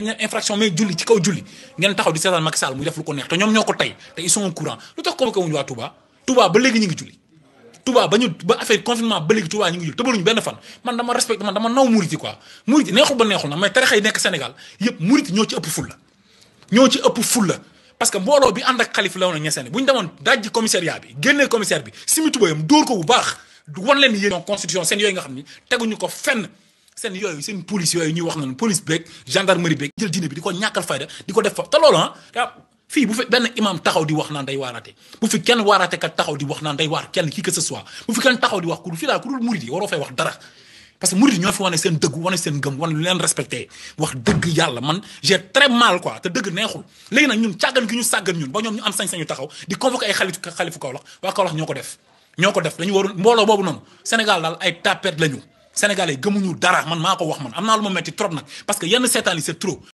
ñeen infraction mais julli ci kaw julli ngeen taxaw di seetaan Macky Sall muy def lu ñoo ko tey te ils sont neexul ba neexul na mais tarixa nekk Sénégal yëpp murit yi ñoo ci ëpp fulla ñoo ci ëpp fulla parce que mbooloo bi ànd ak xalif la woon a ñeseen bu ñu demoon dajji commissariat bi génnee commissaire bi simi tubayam dóor ko bu baax wan leen yéen constitution seen yooyu nga xam ni ñu ko fenn seen yooyu seen police yooyu ñuy wax noonu police beeg gendarmerie beeg jël diine bi di ko ñàkkal fayda di ko def fa te loolu ah fi benn imam taxaw di wax naan day waaraate bu fi kenn waaraate kat taxaw di wax naan day waar kenn kii que ce soit bu fi kenn taxaw di wax ku fii daal ku dul murid yi waroo fay wax dara parce que murid ñoo fi wane seen dëgg leen respecté wax dëgg yàlla man j'ai très mal quoi te dëgg neexul léegi nag ñun càggan gi ñu saggan ñu ba ñoom ñu am sañ di convoqué ay xalifu xalifu ko def ñoo ko def dañu warul mbooloo boobu noonu Sénégal daal ay sénégalais gëmuñu dara man maa ko wax man am naa lu ma trop nag parce que yenn seetaan yi